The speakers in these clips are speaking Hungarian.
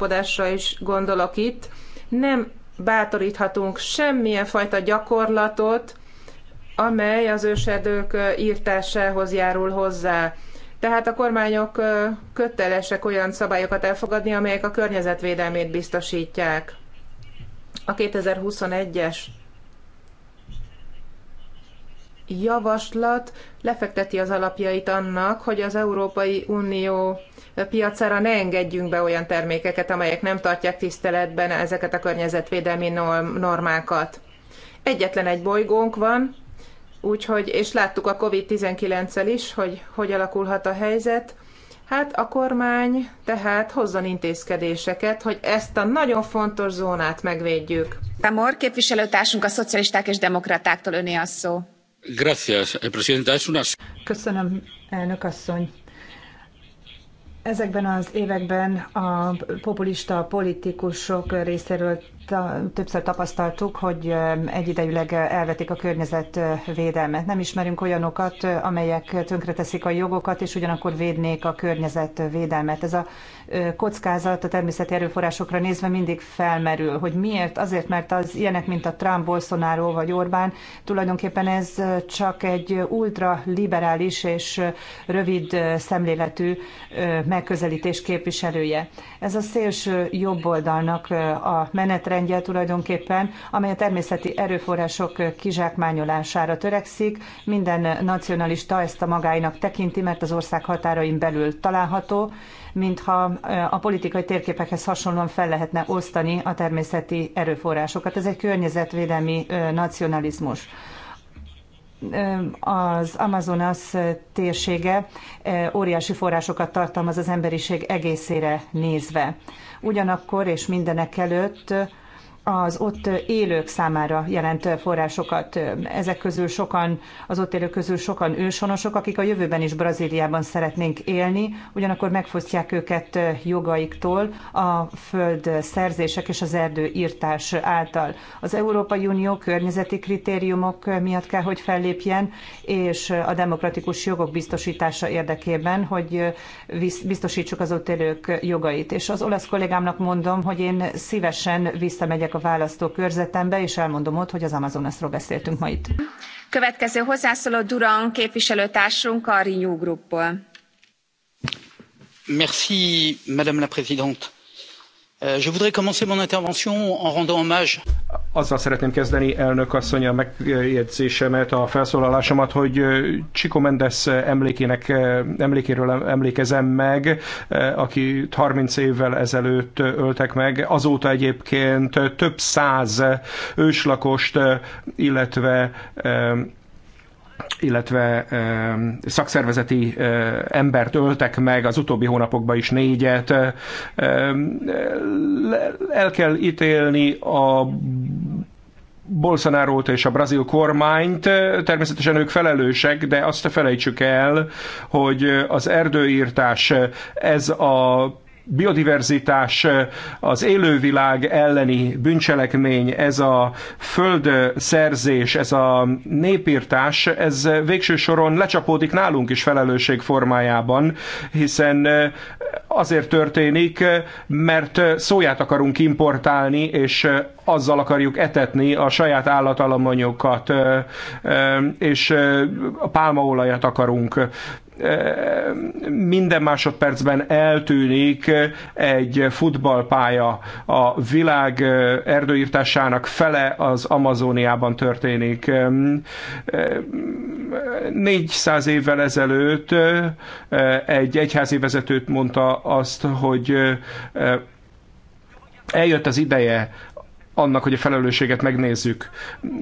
megállapodásra is gondolok itt, nem bátoríthatunk semmilyen fajta gyakorlatot, amely az őserdők írtásához járul hozzá. Tehát a kormányok kötelesek olyan szabályokat elfogadni, amelyek a környezetvédelmét biztosítják. A 2021-es javaslat lefekteti az alapjait annak, hogy az Európai Unió piacára ne engedjünk be olyan termékeket, amelyek nem tartják tiszteletben ezeket a környezetvédelmi normákat. Egyetlen egy bolygónk van, úgyhogy, és láttuk a COVID-19-el is, hogy hogy alakulhat a helyzet, Hát a kormány tehát hozzon intézkedéseket, hogy ezt a nagyon fontos zónát megvédjük. Tamor képviselőtársunk a szocialisták és demokratáktól öné a szó. Eh, Köszönöm, elnök asszony ezekben az években a populista politikusok részéről többször tapasztaltuk, hogy egyidejűleg elvetik a környezetvédelmet. Nem ismerünk olyanokat, amelyek tönkreteszik a jogokat, és ugyanakkor védnék a környezetvédelmet. Ez a kockázat a természeti erőforrásokra nézve mindig felmerül, hogy miért? Azért, mert az ilyenek, mint a Trump, Bolsonaro vagy Orbán, tulajdonképpen ez csak egy ultraliberális és rövid szemléletű megközelítés képviselője. Ez a szélső jobboldalnak a menetre menetrendje tulajdonképpen, amely a természeti erőforrások kizsákmányolására törekszik. Minden nacionalista ezt a magáinak tekinti, mert az ország határain belül található, mintha eh, a politikai térképekhez hasonlóan fel lehetne osztani a természeti erőforrásokat. Ez egy környezetvédelmi eh, nacionalizmus eh, az Amazonas térsége óriási forrásokat tartalmaz az emberiség egészére nézve. Ugyanakkor és mindenek előtt az ott élők számára jelent forrásokat. Ezek közül sokan, az ott élők közül sokan őshonosok, akik a jövőben is Brazíliában szeretnénk élni, ugyanakkor megfosztják őket jogaiktól a föld szerzések és az írtás által. Az Európai Unió környezeti kritériumok miatt kell, hogy fellépjen, és a demokratikus jogok biztosítása érdekében, hogy biztosítsuk az ott élők jogait. És az olasz kollégámnak mondom, hogy én szívesen visszamegyek a választókörzetembe, és elmondom ott, hogy az Amazonasról beszéltünk ma itt. Következő hozzászóló Durán képviselőtársunk a Renew Groupból. Merci, Madame la Présidente Euh, je voudrais commencer mon intervention en rendant hommage. Azzal szeretném kezdeni elnök asszony a megjegyzésemet, a felszólalásomat, hogy Chico Mendes emlékének, emlékéről emlékezem meg, aki 30 évvel ezelőtt öltek meg. Azóta egyébként több száz őslakost, illetve illetve szakszervezeti embert öltek meg, az utóbbi hónapokban is négyet. El kell ítélni a bolsonaro és a brazil kormányt. Természetesen ők felelősek, de azt felejtsük el, hogy az erdőírtás, ez a biodiverzitás, az élővilág elleni bűncselekmény, ez a földszerzés, ez a népírtás, ez végső soron lecsapódik nálunk is felelősség formájában, hiszen azért történik, mert szóját akarunk importálni, és azzal akarjuk etetni a saját állatalományokat, és a pálmaolajat akarunk minden másodpercben eltűnik egy futballpálya. A világ erdőírtásának fele az Amazoniában történik. 400 évvel ezelőtt egy egyházi vezetőt mondta azt, hogy eljött az ideje annak, hogy a felelősséget megnézzük.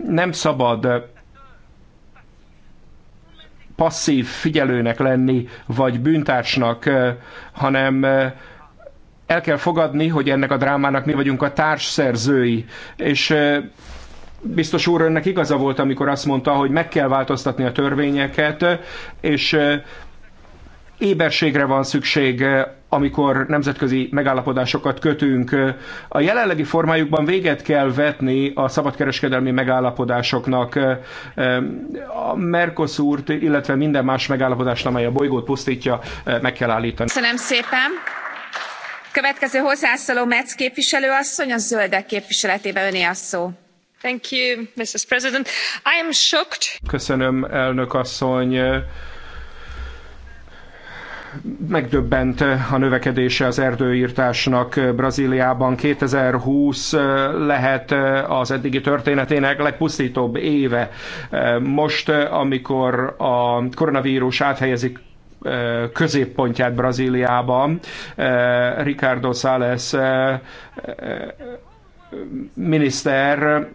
Nem szabad passzív figyelőnek lenni, vagy bűntársnak, hanem el kell fogadni, hogy ennek a drámának mi vagyunk a társszerzői. És biztos úr, önnek igaza volt, amikor azt mondta, hogy meg kell változtatni a törvényeket, és éberségre van szükség, eh, amikor nemzetközi megállapodásokat kötünk. A jelenlegi formájukban véget kell vetni a szabadkereskedelmi megállapodásoknak, eh, eh, a mercosur illetve minden más megállapodást, amely a bolygót pusztítja, meg kell állítani. Köszönöm szépen! Következő hozzászóló Metz képviselő asszony, a zöldek képviseletében öné a szó. Thank you, Mrs. President. I am shocked. Köszönöm, elnök asszony megdöbbent a növekedése az erdőírtásnak Brazíliában. 2020 lehet az eddigi történetének legpusztítóbb éve. Most, amikor a koronavírus áthelyezik középpontját Brazíliában, Ricardo Sales miniszter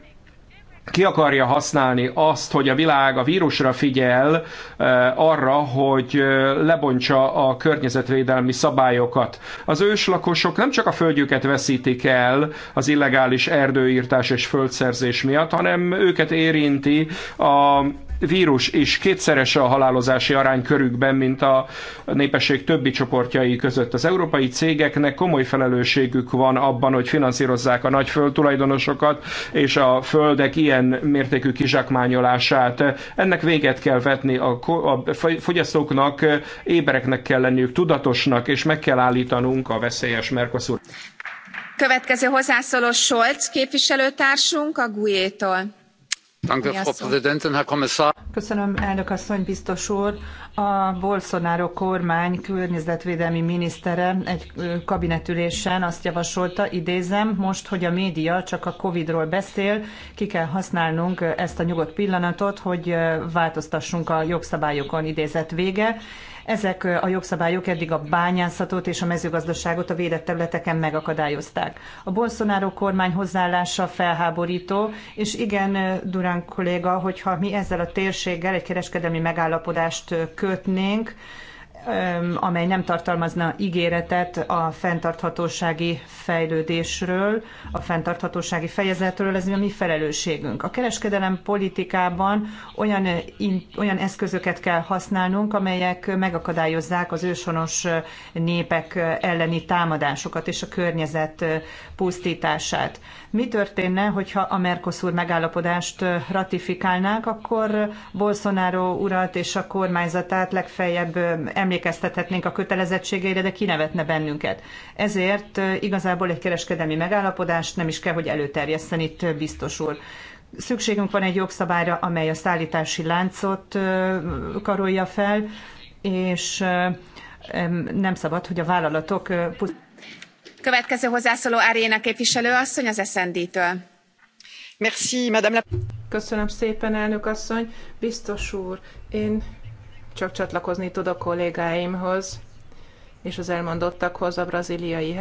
ki akarja használni azt, hogy a világ a vírusra figyel eh, arra, hogy eh, lebontsa a környezetvédelmi szabályokat. Az őslakosok nem csak a földjüket veszítik el az illegális erdőírtás és földszerzés miatt, hanem őket érinti a vírus is kétszeres a halálozási arány körükben, mint a népesség többi csoportjai között. Az európai cégeknek komoly felelősségük van abban, hogy finanszírozzák a nagy földtulajdonosokat és a földek ilyen mértékű kizsákmányolását. Ennek véget kell vetni a, a fogyasztóknak, ébereknek kell lenniük, tudatosnak, és meg kell állítanunk a veszélyes Mercosur. Következő hozzászóló Scholz képviselőtársunk a GUE-tól Köszönöm, elnök asszony, biztos úr. A Bolsonaro kormány környezetvédelmi minisztere egy kabinetülésen azt javasolta, idézem, most, hogy a média csak a Covid-ról beszél, ki kell használnunk ezt a nyugodt pillanatot, hogy változtassunk a jogszabályokon, idézet vége ezek a jogszabályok eddig a bányászatot és a mezőgazdaságot a védett területeken megakadályozták. A Bolsonaro kormány hozzáállása felháborító, és igen, Durán kolléga, hogyha mi ezzel a térséggel egy kereskedelmi megállapodást kötnénk, amely nem tartalmazna ígéretet a fenntarthatósági fejlődésről, a fenntarthatósági fejezetről, ez a mi felelősségünk. A kereskedelem politikában olyan, olyan eszközöket kell használnunk, amelyek megakadályozzák az őshonos népek elleni támadásokat és a környezet pusztítását. Mi történne, hogyha a Mercosur megállapodást ratifikálnák, akkor Bolsonaro urat és a kormányzatát legfeljebb emlékeztethetnénk a kötelezettségeire, de kinevetne bennünket. Ezért igazából egy kereskedelmi megállapodást nem is kell, hogy előterjesszen itt biztos úr szükségünk van egy jogszabályra, amely a szállítási láncot karolja fel, és nem szabad, hogy a vállalatok Következő az Merci, madame la... Köszönöm szépen, elnök asszony. Biztos úr, én csak csatlakozni tudok kollégáimhoz és az elmondottakhoz a brazliai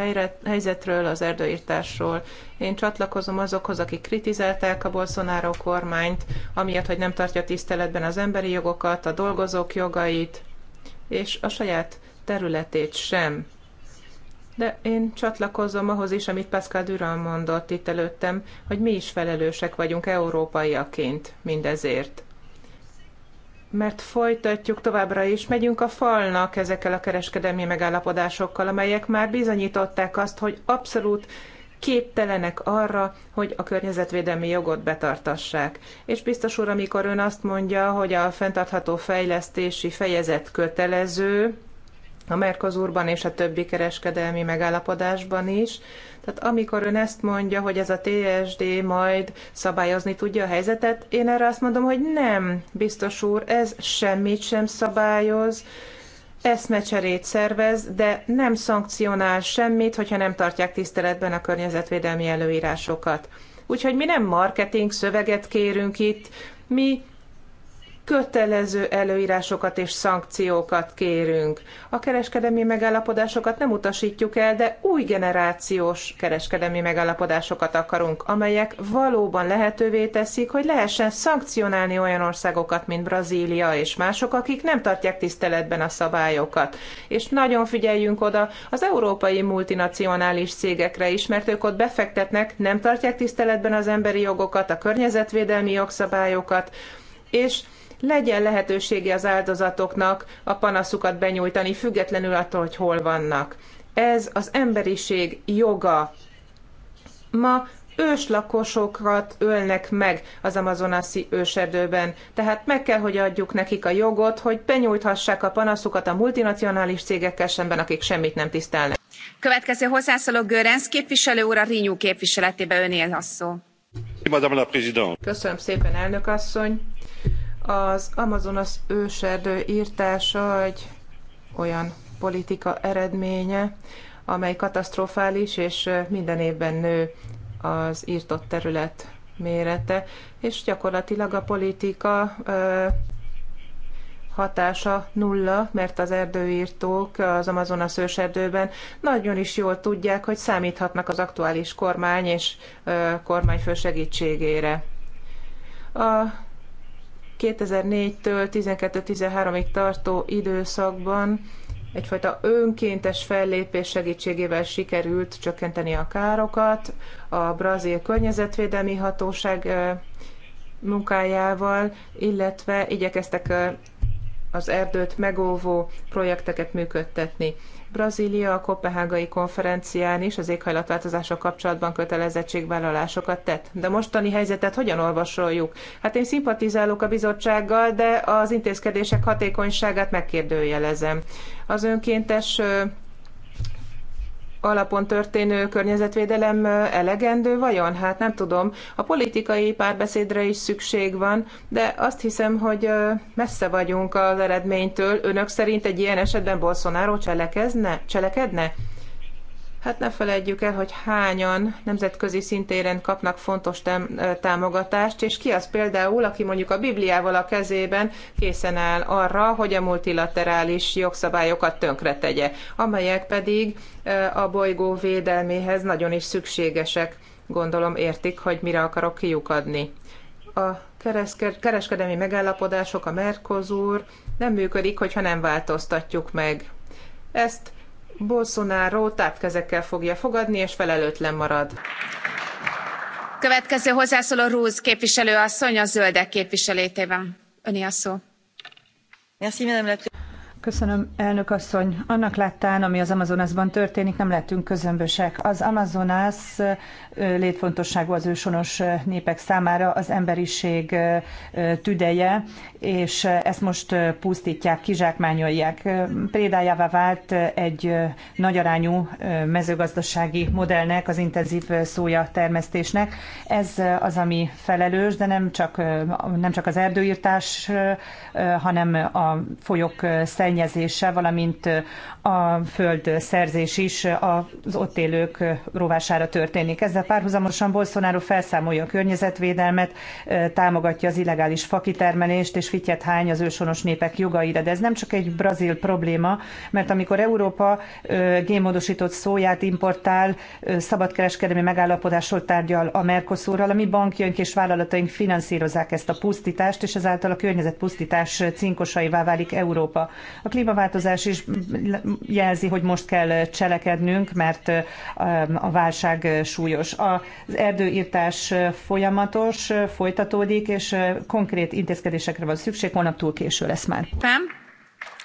helyzetről, az erdőirtásról. Én csatlakozom azokhoz, akik kritizálták a Bolsonaro kormányt, amiatt, hogy nem tartja tiszteletben az emberi jogokat, a dolgozók jogait, és a saját területét sem de én csatlakozom ahhoz is, amit Pascal Durán mondott itt előttem, hogy mi is felelősek vagyunk európaiaként mindezért. Mert folytatjuk továbbra is, megyünk a falnak ezekkel a kereskedelmi megállapodásokkal, amelyek már bizonyították azt, hogy abszolút képtelenek arra, hogy a környezetvédelmi jogot betartassák. És biztos úr, amikor ön azt mondja, hogy a fenntartható fejlesztési fejezet kötelező, a Mercosurban és a többi kereskedelmi megállapodásban is. Tehát amikor ön ezt mondja, hogy ez a TSD majd szabályozni tudja a helyzetet, én erre azt mondom, hogy nem, biztos úr, ez semmit sem szabályoz, eszmecserét szervez, de nem szankcionál semmit, hogyha nem tartják tiszteletben a környezetvédelmi előírásokat. Úgyhogy mi nem marketing szöveget kérünk itt, mi kötelező előírásokat és szankciókat kérünk. A kereskedelmi megállapodásokat nem utasítjuk el, de új generációs kereskedelmi megállapodásokat akarunk, amelyek valóban lehetővé teszik, hogy lehessen szankcionálni olyan országokat, mint Brazília és mások, akik nem tartják tiszteletben a szabályokat. És nagyon figyeljünk oda az európai multinacionális cégekre is, mert ők ott befektetnek, nem tartják tiszteletben az emberi jogokat, a környezetvédelmi jogszabályokat, és legyen lehetősége az áldozatoknak a panaszukat benyújtani, függetlenül attól, hogy hol vannak. Ez az emberiség joga. Ma őslakosokat ölnek meg az amazonaszi őserdőben. Tehát meg kell, hogy adjuk nekik a jogot, hogy benyújthassák a panaszukat a multinacionális cégekkel szemben, akik semmit nem tisztelnek. Következő hozzászóló Görenc képviselő úr a Rinyú képviseletébe önél a szó. Köszönöm szépen, elnök asszony. Az Amazonas őserdő írtása egy olyan politika eredménye, amely katasztrofális, és minden évben nő az írtott terület mérete, és gyakorlatilag a politika hatása nulla, mert az erdőírtók az Amazonas őserdőben nagyon is jól tudják, hogy számíthatnak az aktuális kormány és kormányfő segítségére. A 2004-től 12-13-ig tartó időszakban egyfajta önkéntes fellépés segítségével sikerült csökkenteni a károkat, a brazil környezetvédelmi hatóság munkájával, illetve igyekeztek az erdőt megóvó projekteket működtetni. Brazília a Kopenhágai konferencián is az éghajlatváltozással kapcsolatban kötelezettségvállalásokat tett. De mostani helyzetet hogyan olvasoljuk? Hát én szimpatizálok a bizottsággal, de az intézkedések hatékonyságát megkérdőjelezem. Az önkéntes alapon történő környezetvédelem elegendő vajon? Hát nem tudom. A politikai párbeszédre is szükség van, de azt hiszem, hogy messze vagyunk az eredménytől. Önök szerint egy ilyen esetben Bolsonaro cselekezne? cselekedne? Hát ne felejtjük el, hogy hányan nemzetközi szintéren kapnak fontos támogatást, és ki az például, aki mondjuk a Bibliával a kezében készen áll arra, hogy a multilaterális jogszabályokat tönkretegye, amelyek pedig a bolygó védelméhez nagyon is szükségesek. Gondolom értik, hogy mire akarok kiukadni. A kereskedelmi megállapodások, a Mercosur nem működik, hogyha nem változtatjuk meg. Ezt Bolsonaro kezekkel fogja fogadni, és felelőtlen marad. Következő hozzászóló Rúz képviselő asszony a zöldek képviselétében. Öni a szó. Köszönöm, elnök asszony. Annak láttán, ami az Amazonasban történik, nem lettünk közömbösek. Az Amazonas létfontosságú az ősonos népek számára, az emberiség tüdeje, és ezt most pusztítják, kizsákmányolják. Prédájává vált egy nagyarányú mezőgazdasági modellnek, az intenzív szója termesztésnek. Ez az, ami felelős, de nem csak, nem csak az erdőírtás, hanem a folyók szennyezése szennyezése, valamint a föld szerzés is az ott élők rovására történik. Ezzel párhuzamosan Bolsonaro felszámolja a környezetvédelmet, támogatja az illegális fakitermelést, és fityet hány az őshonos népek jogaira. De ez nem csak egy brazil probléma, mert amikor Európa génmódosított szóját importál, szabadkereskedelmi megállapodásról tárgyal a Mercosurral, a mi bankjaink és vállalataink finanszírozzák ezt a pusztítást, és ezáltal a környezet cinkosaivá válik Európa. A klímaváltozás is jelzi, hogy most kell cselekednünk, mert a válság súlyos. Az erdőírtás folyamatos, folytatódik, és konkrét intézkedésekre van szükség, holnap túl késő lesz már. Nem?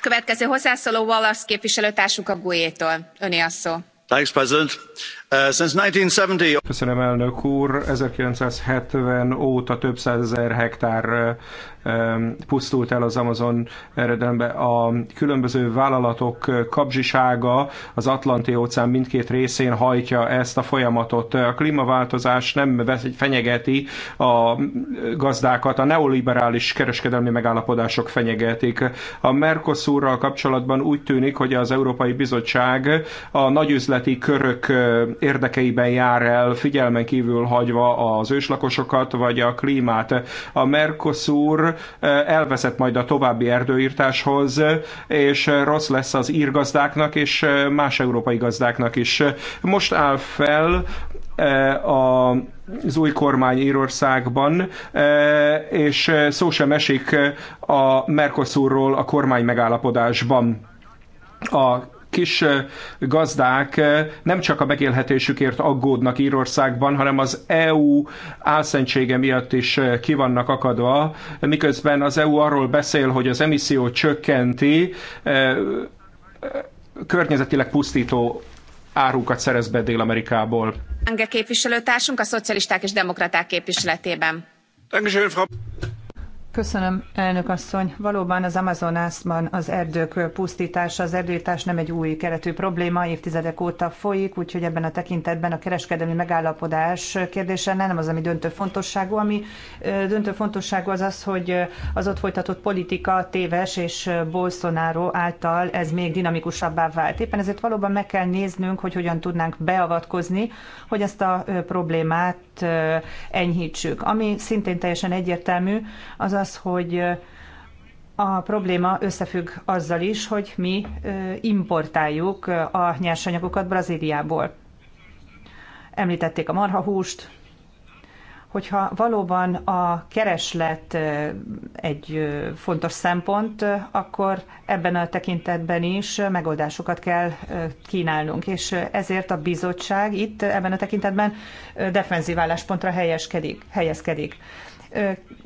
Következő hozzászóló Wallace képviselőtársunk a GUE-tól. Öné a szó. Thanks, President. Uh, since 1970... Köszönöm, elnök úr. 1970 óta több százezer hektár pusztult el az Amazon eredetben. A különböző vállalatok kapzsisága az Atlanti óceán mindkét részén hajtja ezt a folyamatot. A klímaváltozás nem fenyegeti a gazdákat, a neoliberális kereskedelmi megállapodások fenyegetik. A Mercosurral kapcsolatban úgy tűnik, hogy az Európai Bizottság a nagyüzleti körök érdekeiben jár el, figyelmen kívül hagyva az őslakosokat vagy a klímát. A Mercosur elveszett majd a további erdőírtáshoz, és rossz lesz az írgazdáknak és más európai gazdáknak is. Most áll fel a az új kormány Írországban, és szó sem esik a Mercosurról a kormány megállapodásban. A kis gazdák nem csak a megélhetésükért aggódnak Írországban, hanem az EU álszentsége miatt is vannak akadva, miközben az EU arról beszél, hogy az emisszió csökkenti, környezetileg pusztító árukat szerez be Dél-Amerikából. Ange képviselőtársunk a szocialisták és demokraták képviseletében. Köszönöm, elnök asszony. Valóban az Amazonászban az erdők pusztítása, az erdőítás nem egy új keletű probléma, évtizedek óta folyik, úgyhogy ebben a tekintetben a kereskedelmi megállapodás kérdése nem az, ami döntő fontosságú. Ami döntő fontosságú az az, hogy az ott folytatott politika téves, és Bolsonaro által ez még dinamikusabbá vált. Éppen ezért valóban meg kell néznünk, hogy hogyan tudnánk beavatkozni, hogy ezt a problémát itt enyhítsük. Ami szintén teljesen egyértelmű, az az, hogy a probléma összefügg azzal is, hogy mi importáljuk a nyersanyagokat Brazíliából. Említették a marhahúst, hogyha valóban a kereslet egy fontos szempont, akkor ebben a tekintetben is megoldásokat kell kínálnunk, és ezért a bizottság itt ebben a tekintetben defenzív álláspontra helyezkedik. helyezkedik.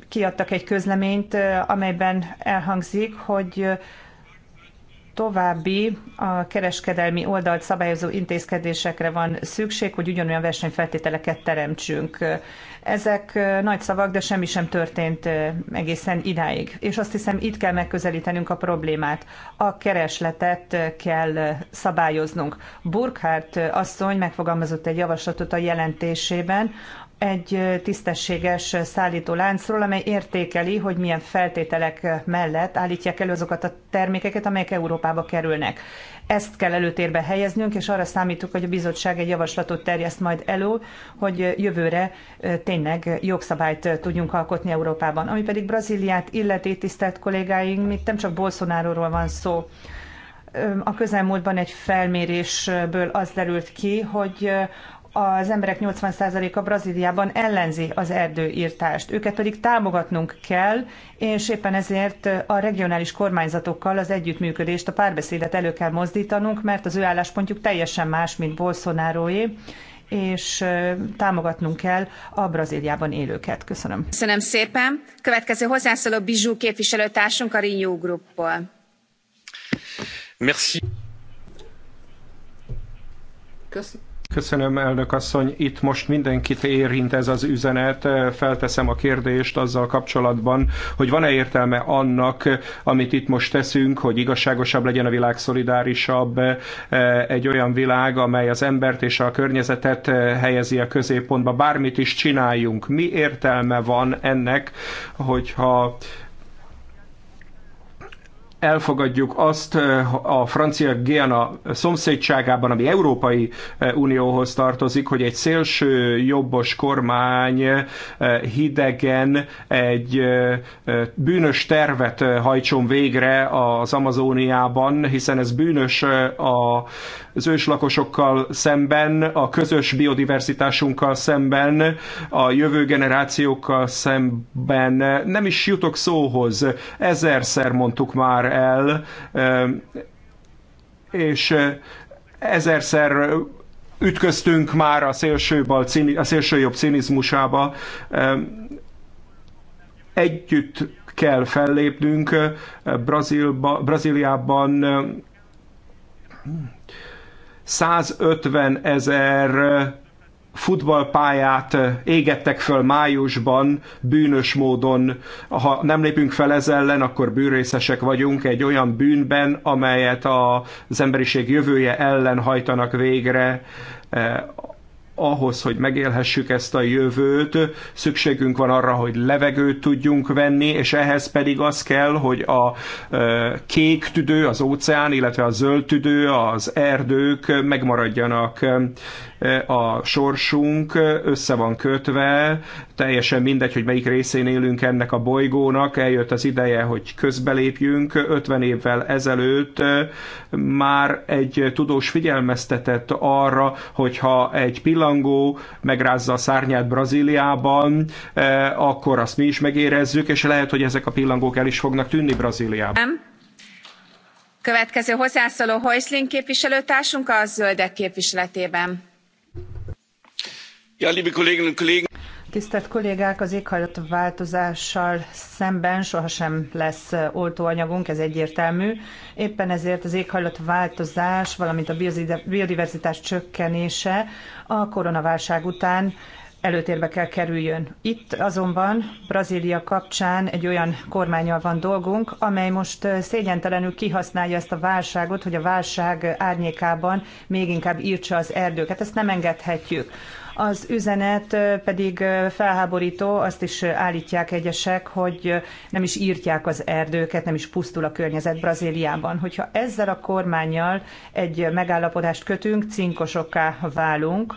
Kiadtak egy közleményt, amelyben elhangzik, hogy további a kereskedelmi oldalt szabályozó intézkedésekre van szükség, hogy ugyanolyan versenyfeltételeket teremtsünk. Ezek nagy szavak, de semmi sem történt egészen idáig. És azt hiszem, itt kell megközelítenünk a problémát. A keresletet kell szabályoznunk. Burkhardt asszony megfogalmazott egy javaslatot a jelentésében, egy tisztességes szállító láncról, amely értékeli, hogy milyen feltételek mellett állítják elő azokat a termékeket, amelyek Európába kerülnek. Ezt kell előtérbe helyeznünk, és arra számítunk, hogy a bizottság egy javaslatot terjeszt majd elő, hogy jövőre tényleg jogszabályt tudjunk alkotni Európában. Ami pedig Brazíliát illeti, tisztelt kollégáink, itt nem csak bolsonaro van szó, a közelmúltban egy felmérésből az derült ki, hogy az emberek 80%-a Brazíliában ellenzi az erdőírtást. Őket pedig támogatnunk kell, és éppen ezért a regionális kormányzatokkal az együttműködést, a párbeszédet elő kell mozdítanunk, mert az ő álláspontjuk teljesen más, mint Bolsonaroé, és támogatnunk kell a Brazíliában élőket. Köszönöm. Köszönöm szépen. Következő hozzászóló Bizsú képviselőtársunk a Renew Groupból. Merci. Köszönöm. Köszönöm, elnök asszony. Itt most mindenkit érint ez az üzenet. Felteszem a kérdést azzal kapcsolatban, hogy van-e értelme annak, amit itt most teszünk, hogy igazságosabb legyen a világ, szolidárisabb, eh, egy olyan világ, amely az embert és a környezetet eh, helyezi a középpontba. Bármit is csináljunk. Mi értelme van ennek, hogyha elfogadjuk azt eh, a francia Guiana szomszédságában, ami Európai eh, Unióhoz tartozik, hogy egy szélső jobbos kormány eh, hidegen egy bűnös tervet hajtson végre az Amazóniában, hiszen ez bűnös a az őslakosokkal szemben, a közös biodiversitásunkkal szemben, a jövő generációkkal szemben nem is jutok szóhoz. Ezerszer mondtuk már el, eh, és eh, ezerszer ütköztünk már a szélső, bal, a szélső jobb cinizmusába. Eh, együtt kell fellépnünk Brazíliában 150 ezer futballpályát égettek föl májusban bűnös módon. Ha nem lépünk fel ez ellen, akkor bűnrészesek vagyunk egy olyan bűnben, amelyet az emberiség jövője ellen hajtanak végre ahhoz, hogy megélhessük ezt a jövőt, szükségünk van arra, hogy levegőt tudjunk venni, és ehhez pedig az kell, hogy a kék tüdő, az óceán, illetve a zöld tüdő, az erdők megmaradjanak a sorsunk össze van kötve, teljesen mindegy, hogy melyik részén élünk ennek a bolygónak, eljött az ideje, hogy közbelépjünk. 50 évvel ezelőtt már egy tudós figyelmeztetett arra, hogyha egy pillanat tangó megrázza a szárnyát Brazíliában, eh, akkor azt mi is megérezzük, és lehet, hogy ezek a pillangók el is fognak tűnni Brazíliában. Nem. Következő hozzászóló Heusling képviselőtársunk a zöldek képviseletében. Ja, liebe Kolleginnen und Kollegen, Tisztelt kollégák, az éghajlatváltozással szemben sohasem lesz oltóanyagunk, ez egyértelmű. Éppen ezért az éghajlatváltozás, valamint a biodiverzitás csökkenése a koronaválság után előtérbe kell kerüljön. Itt azonban Brazília kapcsán egy olyan kormányjal van dolgunk, amely most szégyentelenül kihasználja ezt a válságot, hogy a válság árnyékában még inkább írtsa az erdőket. Ezt nem engedhetjük. Az üzenet pedig felháborító, azt is állítják egyesek, hogy nem is írtják az erdőket, nem is pusztul a környezet Brazíliában. Hogyha ezzel a kormányjal egy megállapodást kötünk, cinkosokká válunk,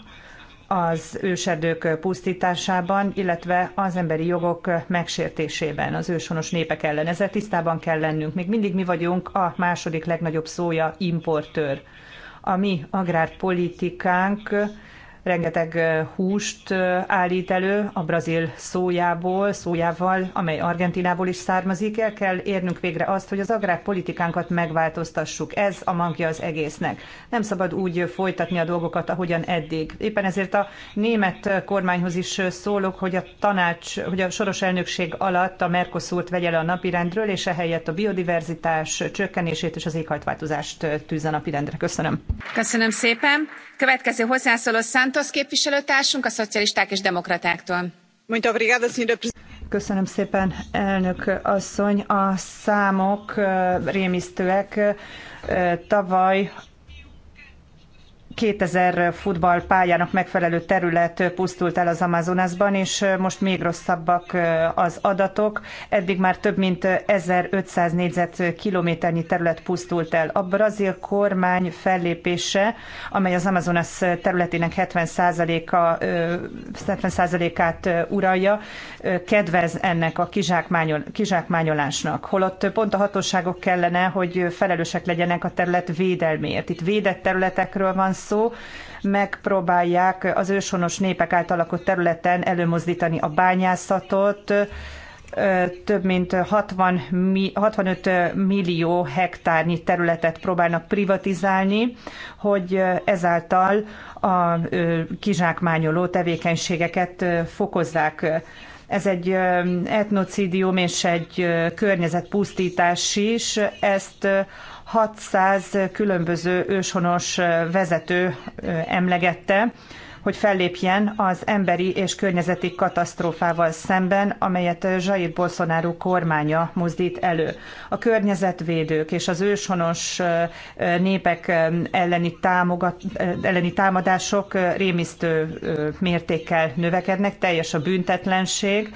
az őserdők pusztításában, illetve az emberi jogok megsértésében az őshonos népek ellen. Ezzel tisztában kell lennünk. Még mindig mi vagyunk a második legnagyobb szója importőr. A mi agrárpolitikánk rengeteg húst állít elő a brazil szójából, szójával, amely Argentinából is származik. El kell érnünk végre azt, hogy az agrárpolitikánkat megváltoztassuk. Ez a magja az egésznek. Nem szabad úgy folytatni a dolgokat, ahogyan eddig. Éppen ezért a német kormányhoz is szólok, hogy a tanács, hogy a soros elnökség alatt a Mercosurt vegye le a napirendről, és ehelyett a biodiverzitás csökkenését és az éghajtváltozást tűzze napirendre. Köszönöm. Köszönöm szépen. Következő hozzászóló santos képviselőtársunk a szocialisták és demokratáktól. Köszönöm szépen, elnök asszony. A számok rémisztőek. Tavaly 2000 futballpályának megfelelő terület pusztult el az Amazonasban, és most még rosszabbak az adatok. Eddig már több mint 1500 négyzetkilométernyi terület pusztult el. A brazil kormány fellépése, amely az Amazonas területének 70%-a, 70%-át uralja, kedvez ennek a kizsákmányol, kizsákmányolásnak. Holott pont a hatóságok kellene, hogy felelősek legyenek a terület védelméért. Itt védett területekről van szó, szó, megpróbálják az őshonos népek által lakott területen előmozdítani a bányászatot, több mint 60, 65 millió hektárnyi területet próbálnak privatizálni, hogy ezáltal a kizsákmányoló tevékenységeket fokozzák. Ez egy etnocidium és egy környezetpusztítás is, ezt 600 különböző őshonos vezető emlegette, hogy fellépjen az emberi és környezeti katasztrófával szemben, amelyet Jair Bolsonaro kormánya mozdít elő. A környezetvédők és az őshonos népek elleni, támogat, elleni támadások rémisztő mértékkel növekednek, teljes a büntetlenség,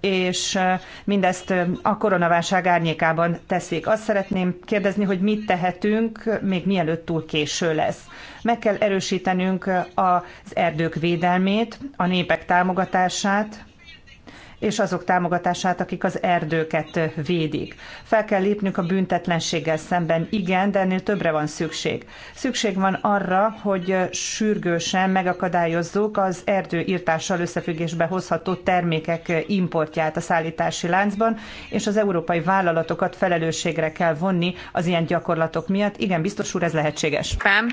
és mindezt a koronaválság árnyékában teszik. Azt szeretném kérdezni, hogy mit tehetünk, még mielőtt túl késő lesz. Meg kell erősítenünk az erdők védelmét, a népek támogatását, és azok támogatását, akik az erdőket védik. Fel kell lépnünk a büntetlenséggel szemben, igen, de ennél többre van szükség. Szükség van arra, hogy sürgősen megakadályozzuk az erdőírtással összefüggésbe hozható termékek importját a szállítási láncban, és az európai vállalatokat felelősségre kell vonni az ilyen gyakorlatok miatt. Igen, biztos úr, ez lehetséges. Pám.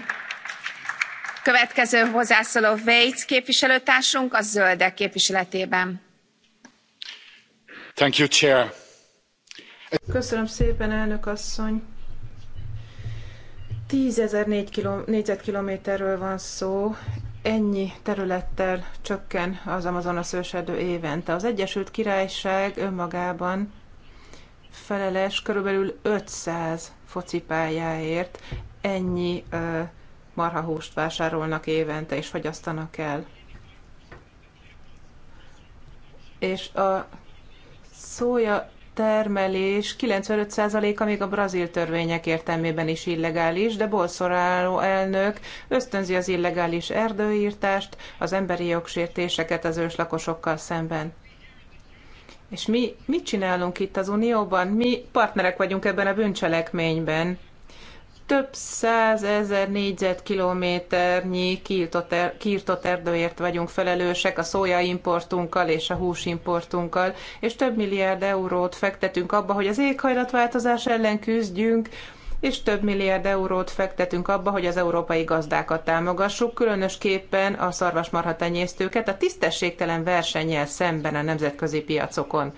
Következő hozzászóló Vejc képviselőtársunk a zöldek képviseletében. Köszönöm szépen, elnök asszony. 10.004 négyzetkilométerről van szó, ennyi területtel csökken az Amazonas ősedő évente. Az Egyesült Királyság önmagában felelős körülbelül 500 focipályáért ennyi ö, marhahúst vásárolnak évente és fogyasztanak el. És a szója termelés 95%-a még a brazil törvények értelmében is illegális, de Bolsonaro elnök ösztönzi az illegális erdőírtást, az emberi jogsértéseket az őslakosokkal szemben. És mi mit csinálunk itt az Unióban? Mi partnerek vagyunk ebben a bűncselekményben több százezer négyzetkilométernyi kiirtott, er, kiirtott erdőért vagyunk felelősek a szójaimportunkkal és a húsimportunkkal, és több milliárd eurót fektetünk abba, hogy az éghajlatváltozás ellen küzdjünk, és több milliárd eurót fektetünk abba, hogy az európai gazdákat támogassuk, különösképpen a szarvasmarha tenyésztőket a tisztességtelen versennyel szemben a nemzetközi piacokon.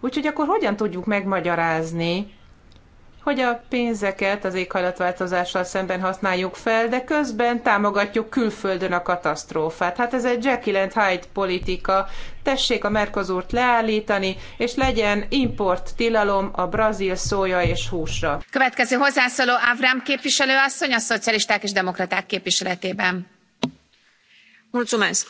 Úgyhogy akkor hogyan tudjuk megmagyarázni, hogy a pénzeket az éghajlatváltozással szemben használjuk fel, de közben támogatjuk külföldön a katasztrófát. Hát ez egy Jekyll and Hyde politika. Tessék a Mercosurt leállítani, és legyen import tilalom a brazil szója és húsra. Következő hozzászóló Ávrám képviselő asszony a szocialisták és demokraták képviseletében. Mulțumesc.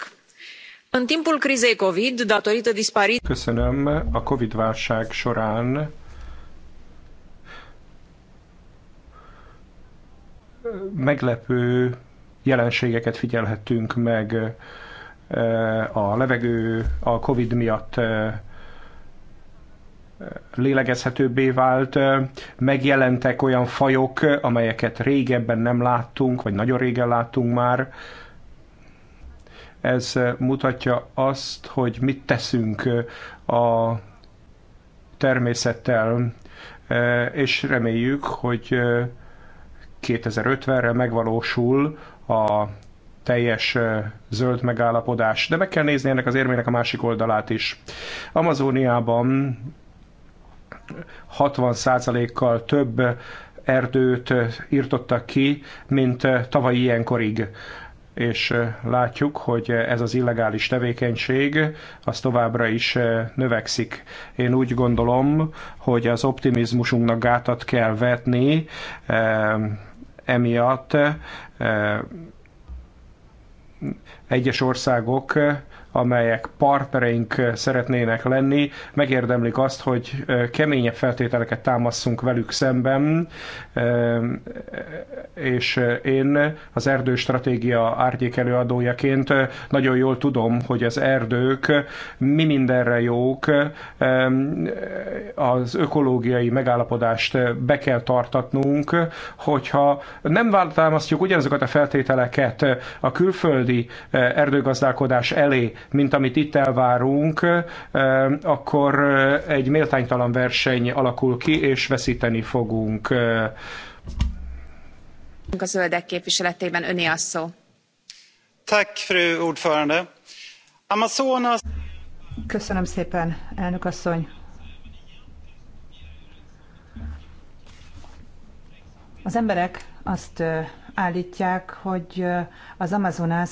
În timpul crizei COVID, datorită dispariției... Köszönöm. A COVID-válság során meglepő jelenségeket figyelhettünk meg a levegő a Covid miatt lélegezhetőbbé vált, megjelentek olyan fajok, amelyeket régebben nem láttunk, vagy nagyon régen láttunk már. Ez mutatja azt, hogy mit teszünk a természettel, és reméljük, hogy 2050-re megvalósul a teljes zöld megállapodás. De meg kell nézni ennek az érmének a másik oldalát is. Amazóniában 60%-kal több erdőt írtottak ki, mint tavaly ilyenkorig. És látjuk, hogy ez az illegális tevékenység az továbbra is növekszik. Én úgy gondolom, hogy az optimizmusunknak gátat kell vetni, emiatt eh, egyes országok amelyek partnereink szeretnének lenni, megérdemlik azt, hogy keményebb feltételeket támaszunk velük szemben, és én az stratégia árnyék előadójaként nagyon jól tudom, hogy az erdők mi mindenre jók, az ökológiai megállapodást be kell tartatnunk, hogyha nem támasztjuk ugyanazokat a feltételeket a külföldi erdőgazdálkodás elé, mint amit itt elvárunk, akkor egy méltánytalan verseny alakul ki, és veszíteni fogunk. A zöldek képviseletében öné a szó. fru ordförande. Amazonas... Köszönöm szépen, elnök asszony. Az emberek azt állítják, hogy az Amazonas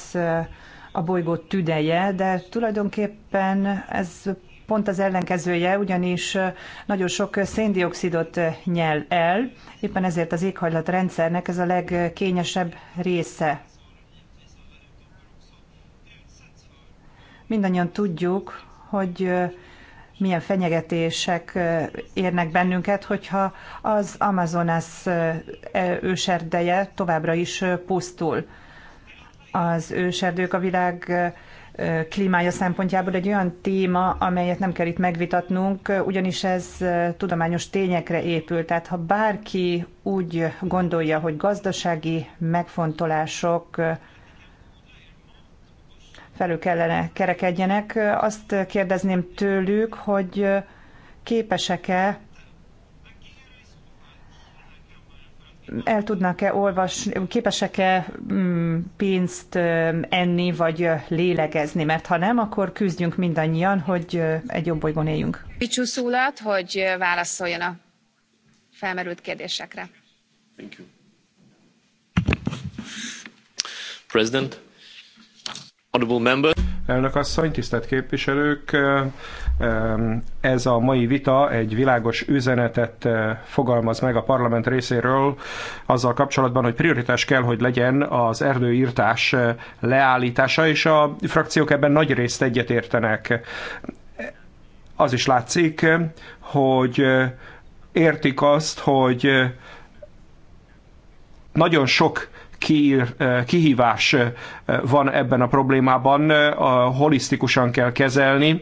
a bolygó tüdeje, de tulajdonképpen ez pont az ellenkezője, ugyanis nagyon sok széndiokszidot nyel el, éppen ezért az éghajlatrendszernek ez a legkényesebb része. Mindannyian tudjuk, hogy milyen fenyegetések érnek bennünket, hogyha az Amazonas őserdeje továbbra is pusztul az őserdők a világ klímája szempontjából egy olyan téma, amelyet nem kell itt megvitatnunk, ugyanis ez tudományos tényekre épül. Tehát ha bárki úgy gondolja, hogy gazdasági megfontolások felül kellene kerekedjenek, azt kérdezném tőlük, hogy képesek-e el tudnak-e olvasni, képesek-e mm, pénzt enni vagy lélegezni, mert ha nem, akkor küzdjünk mindannyian, hogy egy jobb bolygón éljünk. Picsú szólat, hogy válaszoljon a felmerült kérdésekre. Thank you. President, honorable member elnök asszony, tisztelt képviselők! Ez a mai vita egy világos üzenetet fogalmaz meg a parlament részéről azzal kapcsolatban, hogy prioritás kell, hogy legyen az erdőírtás leállítása, és a frakciók ebben nagy részt egyetértenek. Az is látszik, hogy értik azt, hogy nagyon sok Eh, kihívás eh, van ebben a problémában, eh, a holisztikusan kell kezelni,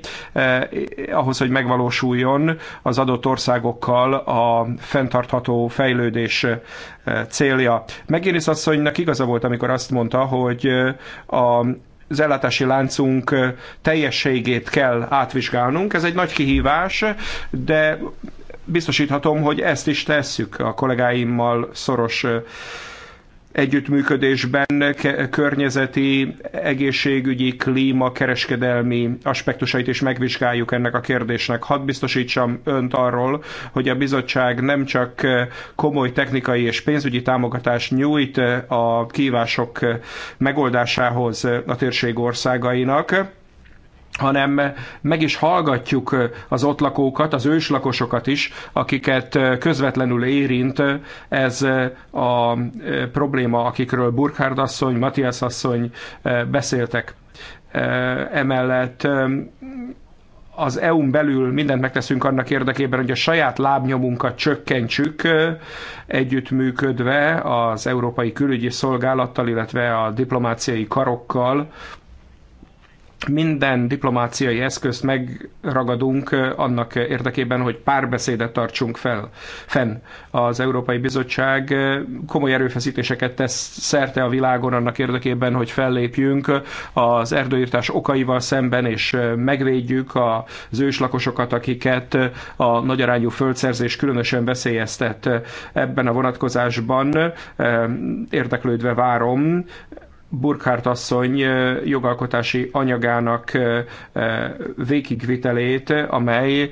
ahhoz, hogy megvalósuljon az adott országokkal a fenntartható fejlődés célja. Megérész asszonynak igaza volt, amikor azt mondta, hogy a az ellátási láncunk teljességét kell átvizsgálnunk. Ez egy nagy kihívás, de biztosíthatom, hogy ezt is tesszük a kollégáimmal szoros együttműködésben környezeti, egészségügyi, klíma, kereskedelmi aspektusait is megvizsgáljuk ennek a kérdésnek. Hadd biztosítsam önt arról, hogy a bizottság nem csak komoly technikai és pénzügyi támogatást nyújt a kívások megoldásához a térség országainak, hanem meg is hallgatjuk az ott lakókat, az őslakosokat is, akiket közvetlenül érint ez a probléma, akikről Burkhard asszony, Matthias asszony beszéltek. Emellett az EU-n belül mindent megteszünk annak érdekében, hogy a saját lábnyomunkat csökkentsük, együttműködve az Európai Külügyi Szolgálattal, illetve a diplomáciai karokkal, minden diplomáciai eszközt megragadunk eh, annak érdekében, hogy párbeszédet tartsunk fel, fenn. Az Európai Bizottság eh, komoly erőfeszítéseket tesz szerte a világon annak érdekében, hogy fellépjünk eh, az erdőírtás okaival szemben, és megvédjük az őslakosokat, akiket a nagyarányú földszerzés különösen veszélyeztet ebben a vonatkozásban. Érdeklődve várom Burkhardt asszony jogalkotási anyagának végigvitelét, amely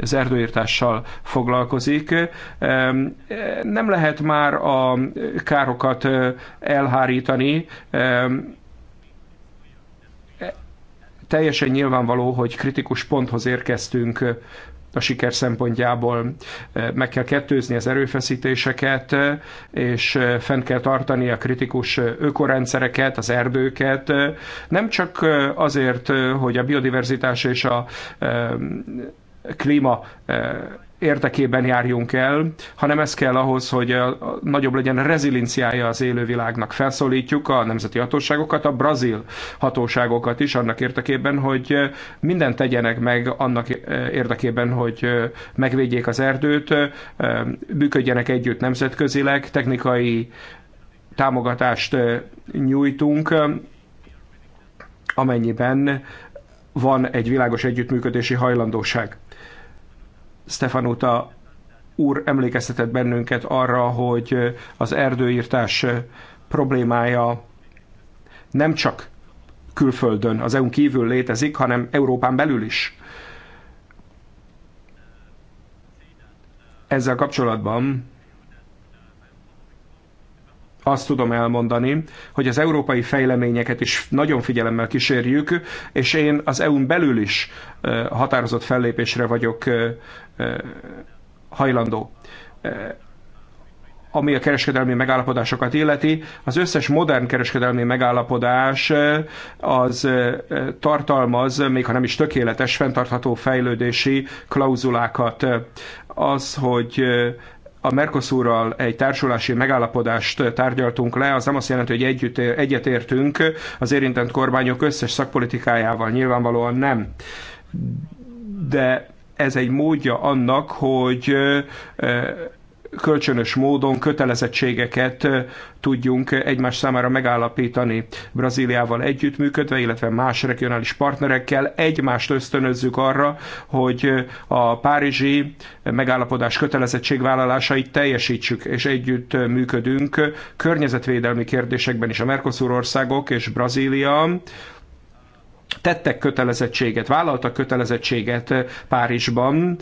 az erdőírtással foglalkozik. Nem lehet már a károkat elhárítani, teljesen nyilvánvaló, hogy kritikus ponthoz érkeztünk a siker szempontjából eh, meg kell kettőzni az erőfeszítéseket, eh, és eh, fent kell tartani a kritikus ökorendszereket, az erdőket, nem csak azért, hogy a biodiverzitás és a klíma érdekében járjunk el, hanem ez kell ahhoz, hogy a, a, nagyobb legyen rezilinciája az élővilágnak. Felszólítjuk a nemzeti hatóságokat, a brazil hatóságokat is annak érdekében, hogy mindent tegyenek meg annak érdekében, hogy megvédjék az erdőt, működjenek együtt nemzetközileg, technikai támogatást nyújtunk, amennyiben van egy világos együttműködési hajlandóság. Stefanuta úr emlékeztetett bennünket arra, hogy az erdőírtás problémája nem csak külföldön, az EU-n kívül létezik, hanem Európán belül is. Ezzel kapcsolatban azt tudom elmondani, hogy az európai fejleményeket is nagyon figyelemmel kísérjük, és én az EU-n belül is határozott fellépésre vagyok hajlandó ami a kereskedelmi megállapodásokat illeti, az összes modern kereskedelmi megállapodás az tartalmaz, még ha nem is tökéletes, fenntartható fejlődési klauzulákat. Az, hogy a Mercosurral egy társulási megállapodást tárgyaltunk le, az nem azt jelenti, hogy együtt, egyetértünk az érintett kormányok összes szakpolitikájával, nyilvánvalóan nem. De ez egy módja annak, hogy kölcsönös módon kötelezettségeket tudjunk egymás számára megállapítani Brazíliával együttműködve, illetve más regionális partnerekkel. Egymást ösztönözzük arra, hogy a párizsi megállapodás kötelezettségvállalásait teljesítsük, és együtt működünk környezetvédelmi kérdésekben is. A Mercosur országok és Brazília tettek kötelezettséget, vállaltak kötelezettséget Párizsban,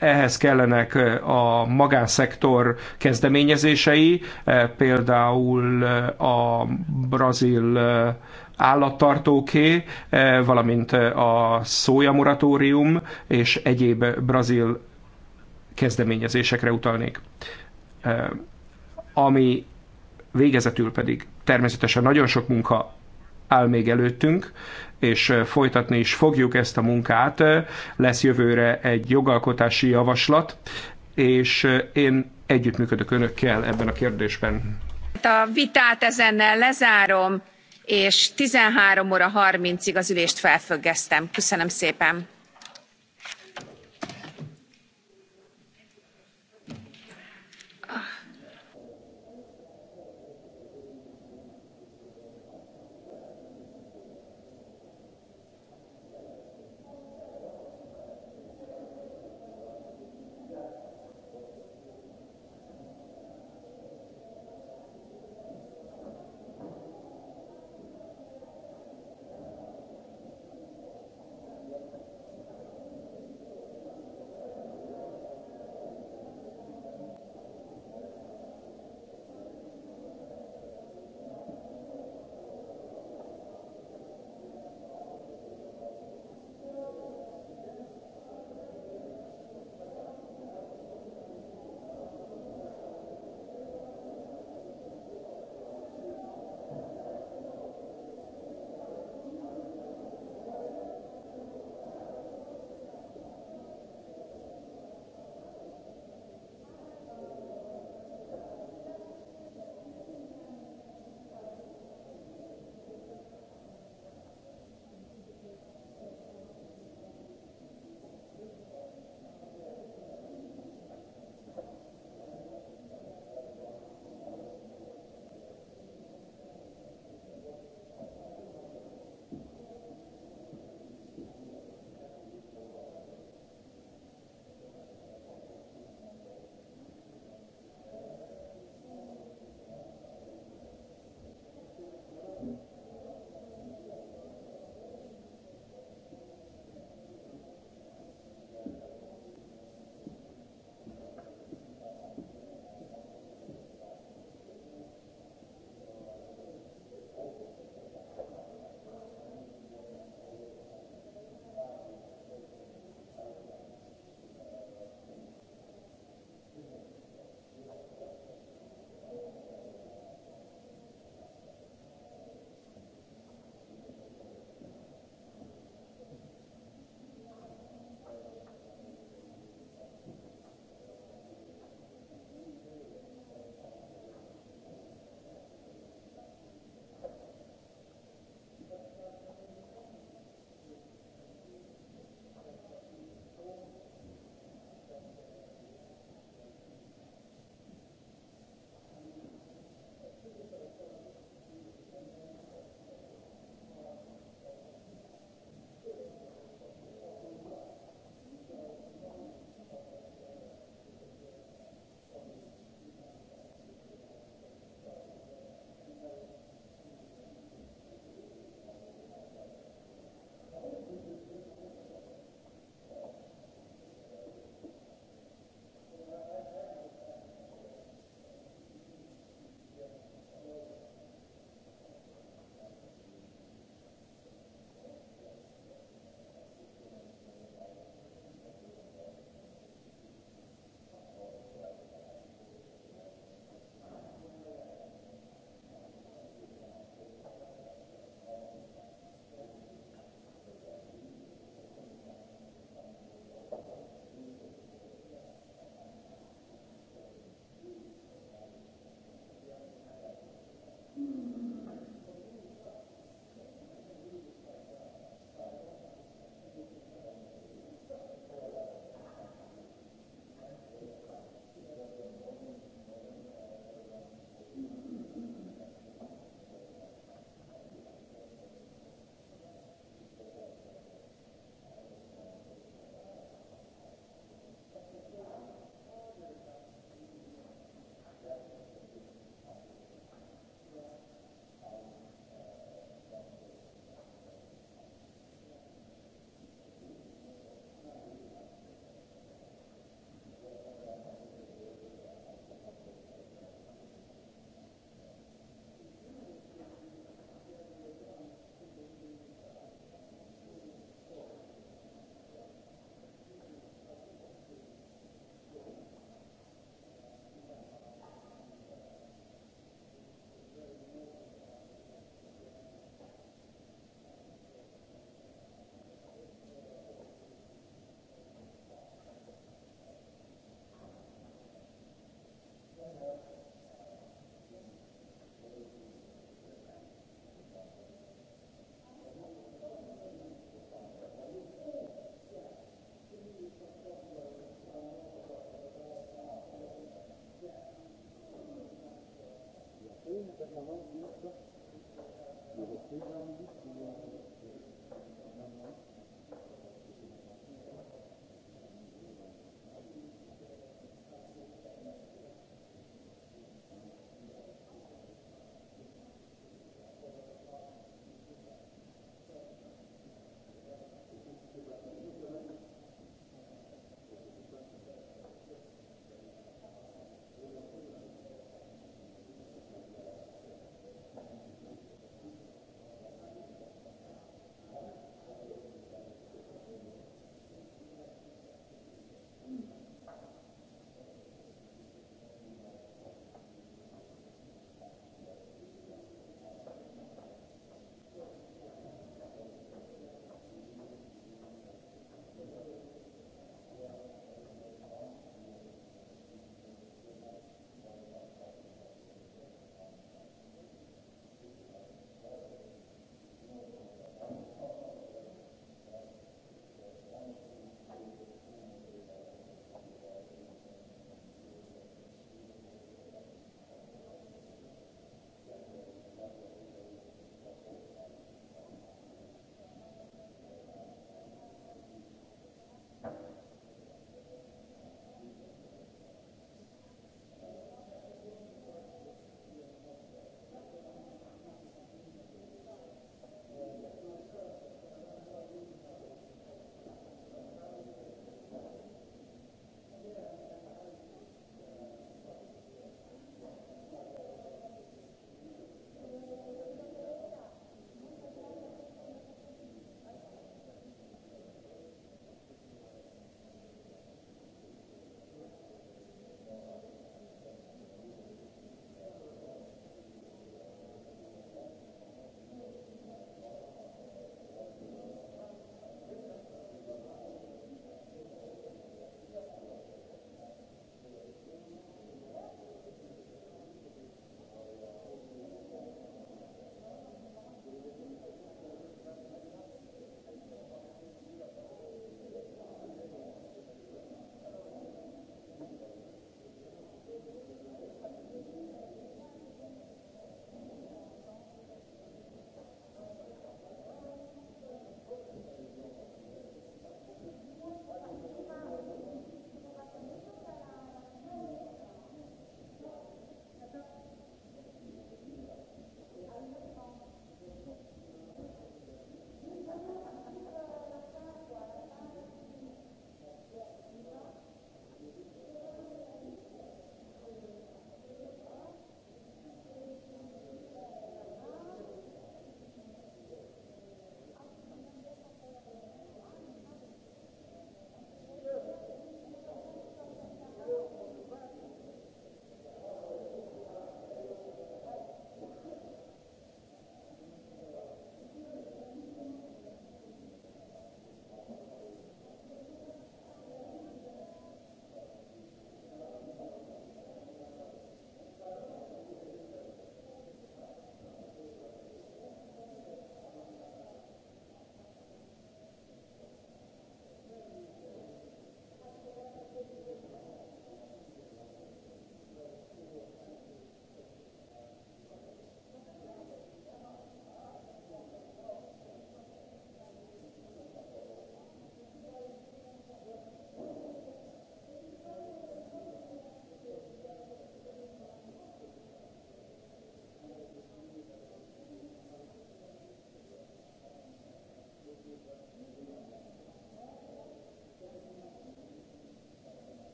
ehhez kellenek a magánszektor kezdeményezései, például a brazil állattartóké, valamint a szója moratórium és egyéb brazil kezdeményezésekre utalnék. Ami végezetül pedig természetesen nagyon sok munka áll még előttünk, és folytatni is fogjuk ezt a munkát. Lesz jövőre egy jogalkotási javaslat, és én együttműködök önökkel ebben a kérdésben. A vitát ezennel lezárom, és 13 óra 30-ig az ülést felfüggesztem. Köszönöm szépen!